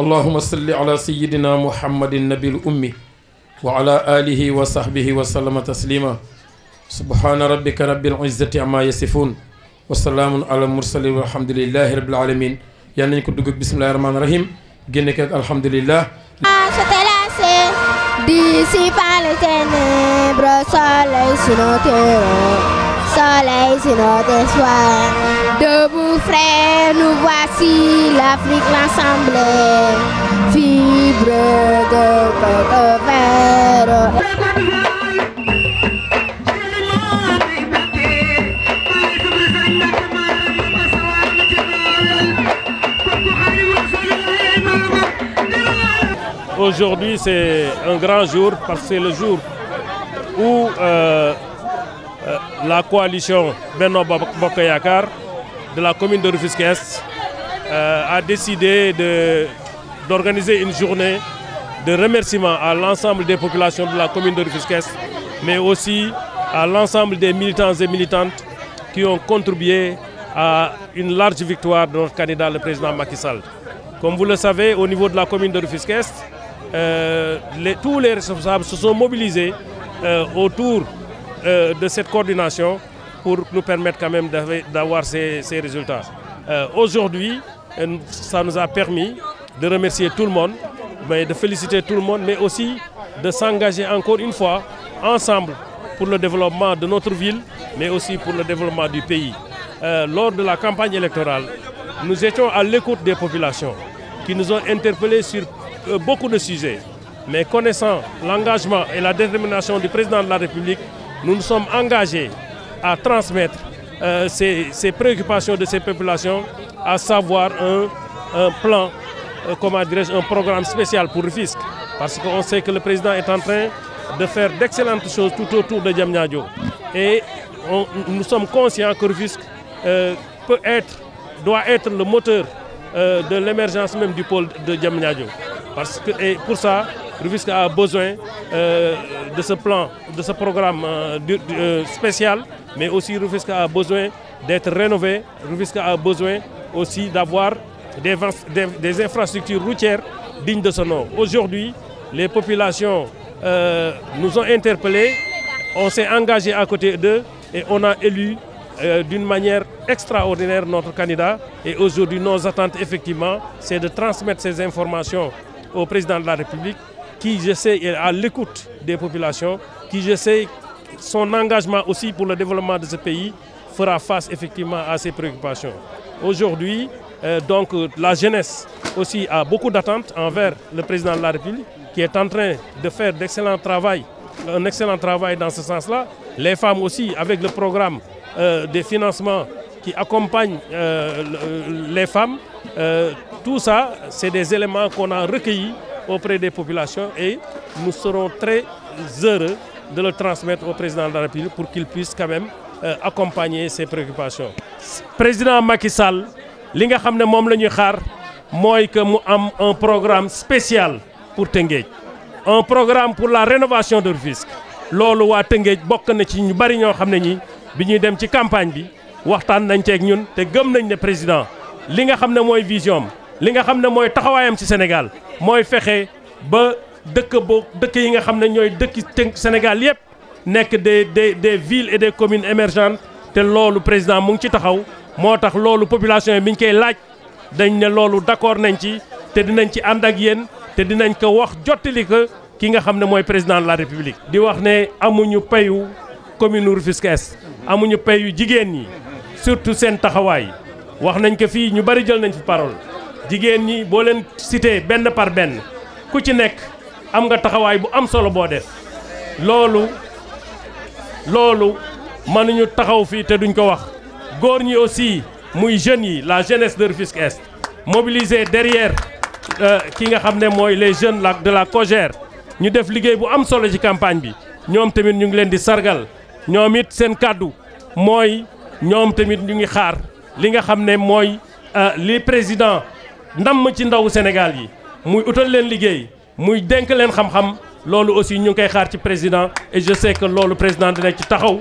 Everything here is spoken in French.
اللهم صل على سيدنا محمد النبي الأمي وعلى آله وصحبه وسلم تسليما سبحان ربك رب العزة عما يصفون وسلام على المرسلين والحمد لله رب العالمين يعني كنت بسم الله الرحمن الرحيم جنك الحمد لله ko di si soleil sur notre soir. Debout frères, nous voici l'Afrique l'ensemble. Fibre de coco vert. Aujourd'hui, c'est un grand jour parce que c'est le jour où euh, euh, la coalition Benno Bokoyakar de la commune de rufisque euh, a décidé d'organiser une journée de remerciement à l'ensemble des populations de la commune de rufisque mais aussi à l'ensemble des militants et militantes qui ont contribué à une large victoire de notre candidat, le président Macky Sall. Comme vous le savez, au niveau de la commune de rufisque euh, tous les responsables se sont mobilisés euh, autour euh, de cette coordination pour nous permettre quand même d'avoir ces, résultats. Euh, aujourd'hui, euh, ça nous a permis de remercier tout le monde, de féliciter tout le monde, mais aussi de s'engager encore une fois ensemble pour le développement de notre ville, mais aussi pour le développement du pays. lors de la campagne électorale, nous étions à l'écoute des populations qui nous ont interpellés sur beaucoup de sujets. Mais connaissant l'engagement et la détermination du président de la République, nous nous sommes engagés à transmettre euh, ces, préoccupations de ces populations, à savoir un, plan, comme euh, comment un programme spécial pour Rufisque. Parce qu'on sait que le président est en train de faire d'excellentes choses tout autour de Djamnyadjo. Et nous sommes conscients que Rufisque euh, peut être, doit être le moteur de l'émergence même du pôle de Djamnyadjo. Parce et pour ça, Rufisque a besoin euh, de ce plan, de ce programme euh, euh, spécial, mais aussi Rufisque a besoin d'être rénové. Rufisque a besoin aussi d'avoir des, infrastructures routières dignes de ce nom. Aujourd'hui, les populations nous ont interpellés, on s'est engagé à côté d'eux et on a élu d'une manière extraordinaire notre candidat. Et aujourd'hui, nos attentes, effectivement, c'est de transmettre ces informations au président de la République qui, je sais, est à l'écoute des populations, qui, je sais, son engagement aussi pour le développement de ce pays fera face effectivement à ces préoccupations. Aujourd'hui, euh, donc la jeunesse aussi a beaucoup d'attentes envers le président de la République qui est en train de faire d'excellents travail, un excellent travail dans ce sens-là. Les femmes aussi avec le programme de euh, des financements qui accompagne euh, les femmes. tout ça, c'est des éléments qu'on a recueillis auprès des populations et nous serons très heureux de le transmettre au président de la République pour qu'il puisse quand même euh, accompagner ses préoccupations. président Macky Sall li nga que un programme spécial pour Tengue, un programme pour la rénovation de l'Urfisque. C'est qui que bokk na ci ñu bari ñoo nous campagne bi le nañ ceeg ñun te gëm président li nga xam vision li nga xam ne mooy taxawaayam ci Sénégal mooy fexe ba dëkk boo dëkk yi nga xam ne ñooy dëkki tënk Sénégal yépp nekk de des des villes et des communes émergentes te loolu président mu ngi ci taxaw moo tax loolu population yi bi ñu koy laaj dañ ne loolu d'accord nañ ci te dinañ ci ànd ak yéen te dinañ ko wax jottali ko ki nga xam ne mooy président la république. di wax ne amuñu payu commune Rufisque Est amuñu payu jigéen ñi surtout seen taxawaay wax nañ ko fii ñu bari jël nañ fi parole. jigen ñi bo len cité ben par ben ku ci nek am nga taxaway bu am solo bo def lolu loolu ñu taxaw fi te duñ ko wax gor ñi aussi muy jeune yi la jeunesse de Rufisque Est mobiliser derrière euh, ki nga xam moy les jeunes la de la Cogère ñu def liggéey bu am solo ci campagne bi ñom tamit ñu ngi len di sargal ñom it sen cadeau moy ñom tamit ñu ngi xaar li nga xam moy euh, li président ndam ci ndaw Sénégal yi muy utal leen liggéey muy denk leen xam-xam loolu aussi ñu ngi président et je sais que le président de ci taxaw